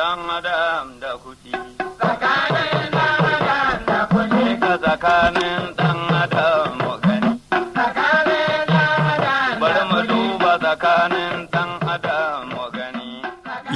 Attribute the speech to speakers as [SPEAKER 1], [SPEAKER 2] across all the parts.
[SPEAKER 1] dan adam da kuɗi. Tsakanin dan adam da kuɗi. Ka tsakanin dan adam mu gani. Tsakanin dan adam Bari
[SPEAKER 2] mu duba tsakanin dan
[SPEAKER 3] adam mu gani.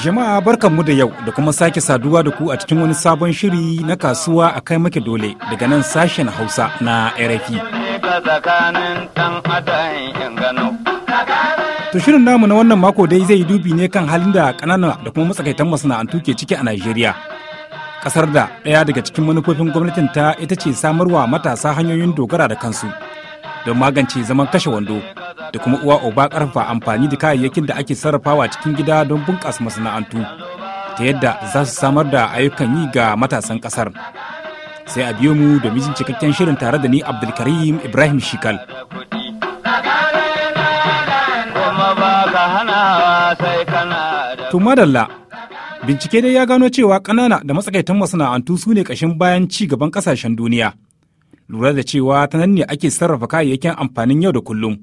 [SPEAKER 3] Jama'a barkanmu da yau da kuma sake saduwa da ku a cikin wani sabon shiri na kasuwa a kai make dole daga nan sashen Hausa na RFI. tsakanin dan adam in gano. Tsakanin To shirin namu na wannan mako dai zai yi dubi ne kan halin da ƙanana da kuma matsakaitan masana'antu ke ciki a Najeriya. Kasar da ɗaya daga cikin manufofin gwamnatin ta ita ce samarwa matasa hanyoyin dogara da kansu don magance zaman kashe wando da kuma uwa uba ƙarfa amfani da kayayyakin da ake sarrafawa cikin gida don bunƙasa masana'antu ta yadda za su samar da ayyukan yi ga matasan ƙasar. sai a biyo mu da mijin cikakken shirin tare da ni abdulkarim ibrahim shikal To madalla, bincike dai ya gano cewa ƙanana da matsakaitan masana'antu su ne ƙashin bayan ci gaban ƙasashen duniya. Lura da cewa ta nan ne ake sarrafa kayayyakin amfanin yau da kullum.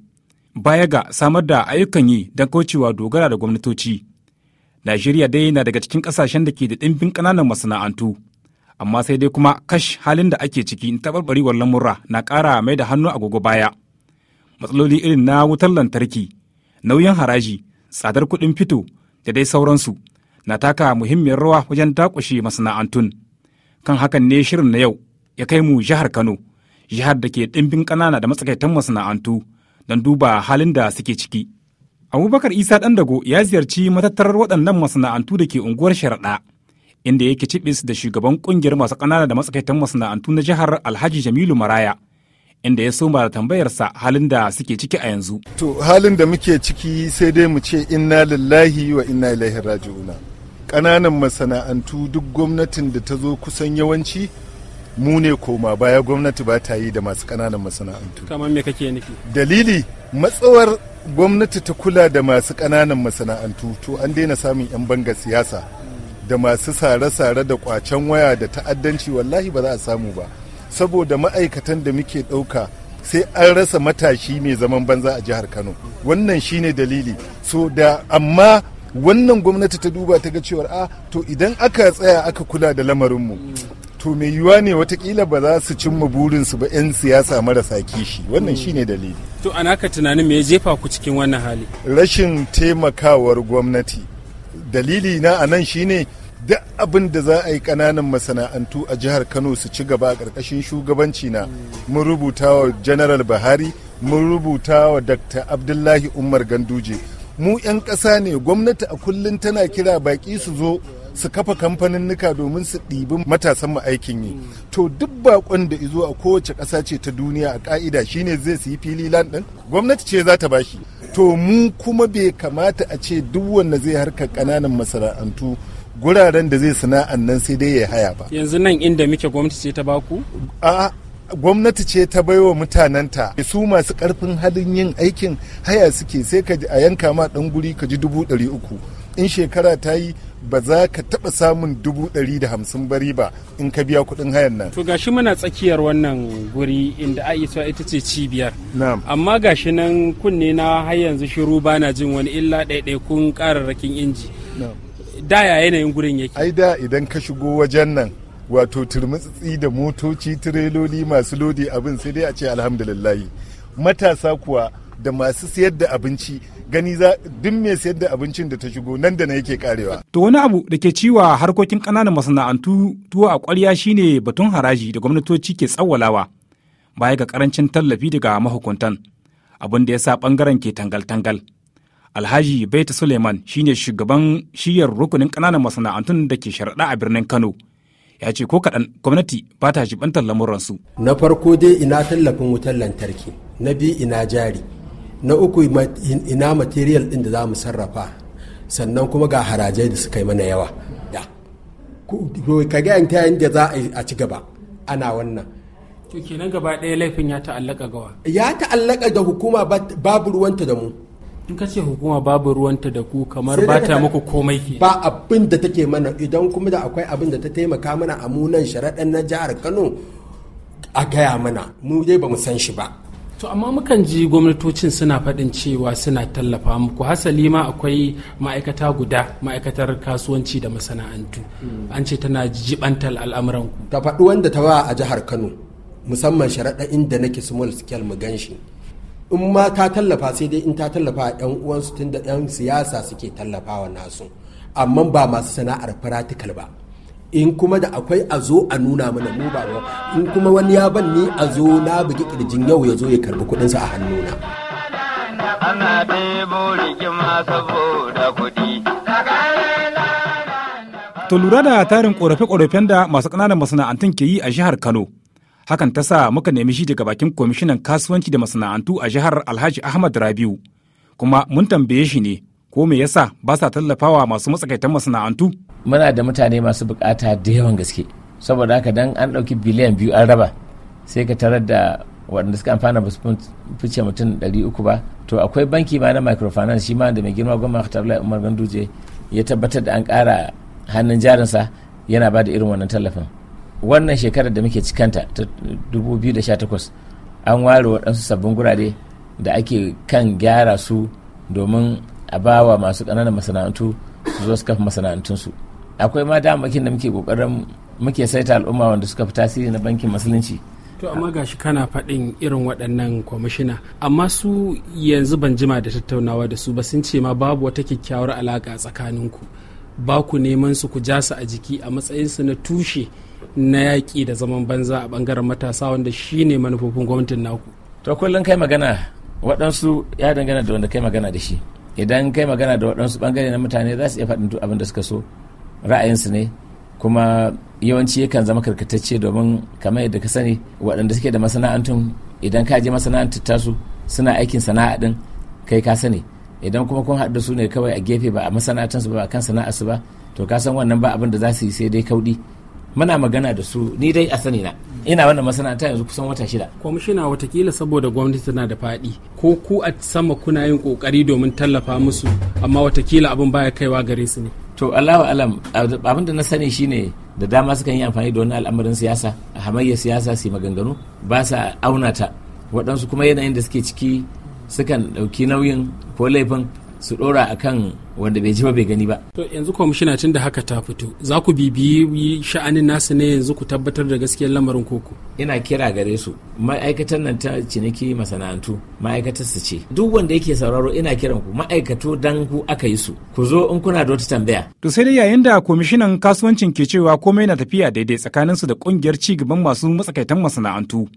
[SPEAKER 3] Baya ga samar da ayyukan yi don kaucewa dogara da gwamnatoci. Najeriya dai na daga cikin ƙasashen da ke da ɗimbin ƙananan masana'antu. Amma sai dai kuma kash halin da ake ciki na taɓarɓarewar lamura na ƙara mai da hannu agogo baya. Matsaloli irin na wutar lantarki, nauyin haraji, tsadar kuɗin fito, da dai sauransu na taka muhimmiyar rawa wajen dakushe masana'antun kan hakan ne shirin na yau ya kai mu jihar kano jihar da ke ɗimbin ƙanana da matsakaitan masana'antu don duba halin da suke ciki abubakar isa dago ya ziyarci matattarar waɗannan masana'antu da ke unguwar sharaɗa inda yake cibis da shugaban ƙungiyar masu ƙanana da matsakaitan masana'antu na jihar alhaji jamilu maraya inda ya soma da tambayarsa halin da suke ciki a yanzu.
[SPEAKER 1] To halin da muke ciki sai dai mu ce inna lillahi wa inna ilaihi raji'una. Ƙananan masana'antu duk gwamnatin da ta zo kusan yawanci mu ne koma baya gwamnati ba ta yi da masu ƙananan masana'antu.
[SPEAKER 4] Kamar me kake nufi?
[SPEAKER 1] Dalili matsawar gwamnati ta kula da masu ƙananan masana'antu to an daina samun 'yan banga siyasa da masu sare-sare da kwacen waya da ta'addanci wallahi ba za a samu ba. saboda ma'aikatan da muke ɗauka sai an rasa matashi mai zaman banza a jihar kano wannan shine dalili so da amma wannan gwamnati ta duba ta ga cewar a ah, to idan aka tsaya aka kula da lamarinmu to mai yiwuwa ne watakila ba za su cimma burinsu ba 'yan siyasa marasa kishi wannan shine dalili to ana ka tunanin me ya jefa ku cikin wannan hali rashin taimakawar gwamnati dalili na a nan shine duk abin da za a yi kananan masana'antu a jihar kano su ci gaba a ƙarƙashin shugabanci na mun rubuta wa general buhari mun rubuta wa dr abdullahi umar ganduje mu 'yan ƙasa ne gwamnati a kullum tana kira baƙi su zo su kafa kamfanin nika domin su ɗibi matasan mu aikin yi to duk bakon da izo a kowace ƙasa ce ta duniya a ƙa'ida shine zai su yi fili lan ɗin gwamnati ce za ta bashi to mu kuma bai kamata a ce duk wanda zai harkar ƙananan masana'antu guraren da zai sana'an nan sai dai ya haya ba
[SPEAKER 4] yanzu nan inda muke gwamnati ce ta baku
[SPEAKER 1] a gwamnati ce ta baiwa mutanenta su masu karfin halin yin aikin haya suke sai ka a yanka ma dan guri ka ji dubu ɗari uku in shekara ta yi ba za ka taɓa samun dubu ɗari da hamsin bari ba in ka biya kuɗin hayan nan. To
[SPEAKER 4] gashi muna tsakiyar wannan guri inda isa ita ce cibiyar. Amma gashi nan kunne na har yanzu shiru bana jin wani illa ɗaiɗaikun ƙararrakin inji. da ya yanayin gurin
[SPEAKER 1] yake ai da idan ka shigo wajen nan wato turmutsi da motoci tireloli masu lodi abin sai dai a ce alhamdulillahi matasa kuwa da masu sayar da abinci gani za duk mai sayar da abincin da ta shigo nan da na yake karewa.
[SPEAKER 3] To wani abu da ke ciwa harkokin ƙananan masana'antu tuwo a ƙwarya shine batun haraji da gwamnatoci ke tsawwalawa baya ga karancin tallafi daga mahukuntan abin da ya sa ɓangaren ke tangal-tangal. Alhaji Baita Suleiman shine shugaban shiyar rukunin ƙananan masana'antun da ke sharaɗa a birnin Kano. Ya ce ko kaɗan gwamnati ba ta jibantar lamuransu. Na
[SPEAKER 5] farko dai ina tallafin wutar lantarki, na biyu ina jari, na uku ina material ɗin da za mu sarrafa, sannan kuma ga harajai da suka yi mana yawa. Da. Ka ga ta yadda za a ci gaba ana wannan.
[SPEAKER 4] kenan gaba ɗaya laifin ya ta'allaka gawa.
[SPEAKER 5] Ya ta'allaka da hukuma babu ruwanta da mu.
[SPEAKER 4] in ka ce hukuma babu ruwanta da ku
[SPEAKER 5] kamar ba ta muku komai ke ba abin da take mana idan kuma da akwai abin da ta taimaka mana a munan sharaɗan na jihar kano a gaya mana mu dai ba mu san shi ba
[SPEAKER 4] to amma mukan ji gwamnatocin suna faɗin cewa suna tallafa muku hasali ma akwai ma'aikata guda ma'aikatar kasuwanci da masana'antu hmm. an ce tana jibantar al'amuran ku
[SPEAKER 5] ta faɗi wanda ta ba a jihar kano musamman sharaɗa inda nake small scale mu gan shi in ma ta tallafa sai dai in ta tallafa a yan uwansu tun da yan siyasa suke tallafawa nasu amma ba masu sana'ar faratikal ba in kuma da akwai a zo a nuna mana mu ba in kuma wani ya ban ni a zo na bugi kirjin yau ya zo ya karbi kudinsa a hannuna ana
[SPEAKER 3] to lura da tarin ƙorafe-ƙorafen da masu ƙananan masana'antun ke yi a jihar kano hakan ta sa muka nemi shi daga bakin kwamishinan kasuwanci da masana'antu a jihar alhaji ahmad rabiu
[SPEAKER 2] kuma mun tambaye shi ne ko me yasa ba sa tallafawa masu matsakaitan masana'antu muna da mutane masu bukata da yawan gaske saboda haka dan an dauki biliyan biyu an raba sai ka tarar da waɗanda suka amfana ba su fice mutum ɗari uku ba to akwai banki ma na microfinance shi ma da mai girma goma Abdullahi Umar Ganduje ya tabbatar da an kara hannun jarinsa yana ba da irin wannan tallafin wannan shekarar da muke cikanta ta 2018 an ware waɗansu sabbin gurare da ake kan gyara su domin a ba wa masu ƙananan masana'antu su zo su kafa masana'antunsu akwai ma damakin da muke ƙoƙarin muke saita al'umma wanda suka fi tasiri na bankin musulunci
[SPEAKER 4] to amma gashi kana faɗin irin waɗannan kwamishina amma su yanzu ban jima da tattaunawa da su ba sun ce ma babu wata kyakkyawar alaƙa tsakaninku ba ku neman su ku ja su a jiki a matsayinsu na tushe na yaƙi da zaman banza a bangaren matasa wanda shi ne manufofin gwamnatin naku
[SPEAKER 2] to kullum kai magana waɗansu ya dangana da wanda kai magana da shi idan kai magana da waɗansu bangare na mutane za su iya faɗin abin da suka so ra'ayinsu ne kuma yawanci yakan zama karkatacce domin kamar yadda ka sani waɗanda suke da masana'antun idan ka je masana'antar tasu suna aikin sana'a ɗin kai ka sani idan kuma kun haɗu da su ne kawai a gefe ba a masana'antarsu ba a kan sana'arsu ba to ka san wannan ba abin da za su yi sai dai kauɗi muna magana da su ni dai a sani na ina wannan masana'anta yanzu kusan wata shida
[SPEAKER 4] kwamishina watakila saboda gwamnati tana da faɗi ko ku a sama kuna yin kokari
[SPEAKER 2] domin tallafa musu amma watakila abin baya kaiwa gare su ne to allahu alam abin da na sani shine da dama sukan yi amfani da wani al'amarin siyasa a hamayya siyasa su maganganu ba sa auna ta waɗansu kuma yanayin da suke ciki sukan ɗauki nauyin ko laifin su dora kan wanda bai ji ba bai gani ba
[SPEAKER 4] to yanzu kwamishina tun da haka ta fito
[SPEAKER 2] za ku bibiyi sha'anin nasu ne yanzu ku tabbatar da gaskiyar lamarin koko ina kira gare su ma'aikatan nan ta ciniki masana'antu ma'aikatar su ce duk wanda yake sauraro ina kiran ku ma'aikato dan ku aka yi su ku zo in kuna da wata tambaya
[SPEAKER 3] to sai dai yayin da kwamishinan kasuwancin ke cewa komai na tafiya daidai tsakanin su da kungiyar ci gaban masu matsakaitan masana'antu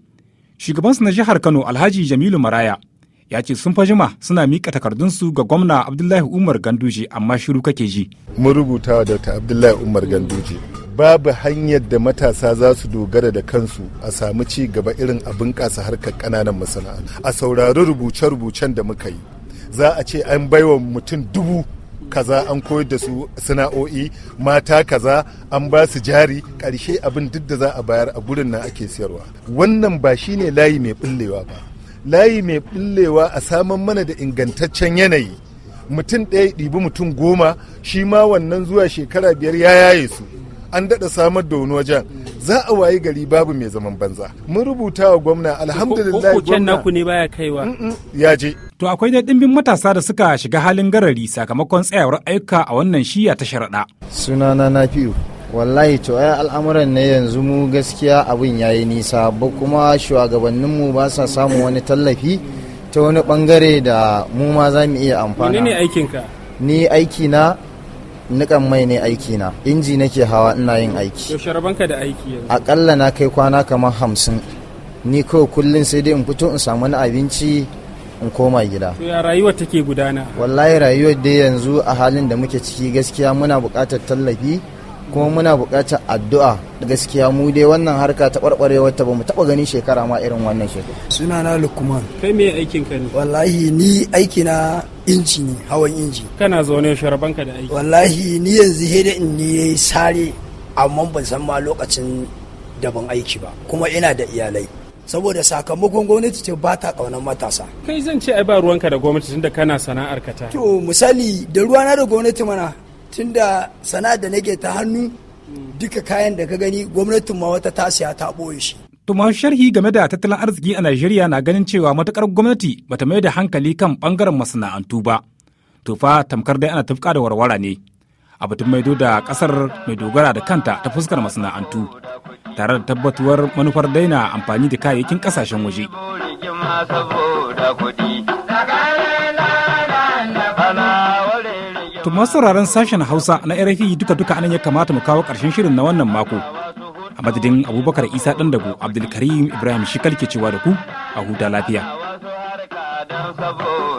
[SPEAKER 3] shugabansu na jihar Kano Alhaji Jamilu Maraya ya ce sun fa jima suna miƙa takardunsu ga gwamna abdullahi umar ganduje amma shiru kake ji
[SPEAKER 1] mun rubuta da ta abdullahi umar Ganduji. babu hanyar da matasa za su dogara da kansu a samu ci gaba irin abin bunƙasa harkar ƙananan masana'antu a saurari rubuce-rubucen da muka yi za a ce an baiwa mutum dubu kaza an koyar da su sana'o'i mata kaza an ba su jari ƙarshe abin duk da za a bayar a gurin nan ake siyarwa wannan ba shine layi mai ɓullewa ba layi mai billewa a saman mana da ingantaccen yanayi mutum ɗaya ɗibi mutum goma shi ma wannan zuwa shekara biyar ya yaye su an daɗa samar da wani wajen za a wayi gari babu mai zaman banza mun rubuta wa gwamna alhamdulillah gwamna ne baya kaiwa ya je to akwai dai dimbin matasa da
[SPEAKER 3] suka shiga halin garari sakamakon tsayawar ayyuka a wannan shiya ta sharaɗa sunana nafi'u
[SPEAKER 5] wallahi to ai al'amuran ne yanzu mu gaskiya abin yayi nisa ba kuma shugabanninmu ba sa samun wani tallafi ta wani bangare da mu ma za mu iya amfana ne aikinka ni aiki na nikan mai ne aiki na inji nake hawa ina yin aiki to
[SPEAKER 4] sharabanka da aiki yanzu
[SPEAKER 5] akalla na kai kwana kamar hamsin ni ko kullum sai dai in fito in samu na abinci in koma gida.
[SPEAKER 4] To ya rayuwa take gudana?
[SPEAKER 5] Wallahi rayuwar dai yanzu a halin da muke ciki gaskiya muna buƙatar tallafi kuma muna buƙatar addu'a gaskiya mu dai wannan harka ta wata ba mu taɓa gani shekara ma irin wannan shekara
[SPEAKER 4] suna na lukman kai me aikin ka ne wallahi ni aiki na inji ne hawan inji kana zaune ka da aiki wallahi ni yanzu he da ni yayi
[SPEAKER 5] sare amma ban san ma lokacin da ban aiki ba kuma ina da iyalai saboda sakamakon gwamnati ce ba ta ƙaunar matasa
[SPEAKER 4] kai zan ce ai ba ruwanka da gwamnati tunda kana sana'ar ka ta
[SPEAKER 5] to misali da ruwana da gwamnati mana tunda sana'ar da nake ta hannu duka kayan da ka gani gwamnatin ma wata tasiya ta ɓoye shi.
[SPEAKER 3] To sharhi game da tattalin arziki a Najeriya na ganin cewa matukar gwamnati bata mai da hankali kan bangaren masana'antu ba. tufa fa tamkar dai ana tafka da warwara ne. A batun maido da kasar mai dogara da kanta ta fuskar masana'antu tare da tabbatuwar manufar daina amfani da kayayyakin kasashen waje.
[SPEAKER 1] saboda kuɗi
[SPEAKER 3] masu sauraron sashen Hausa na RFI duka-duka anan ya kamata mu kawo ƙarshen shirin na wannan mako. A madadin Abubakar Isa ɗan dago Abdulkarim Ibrahim Shikal ke cewa da ku a huta lafiya.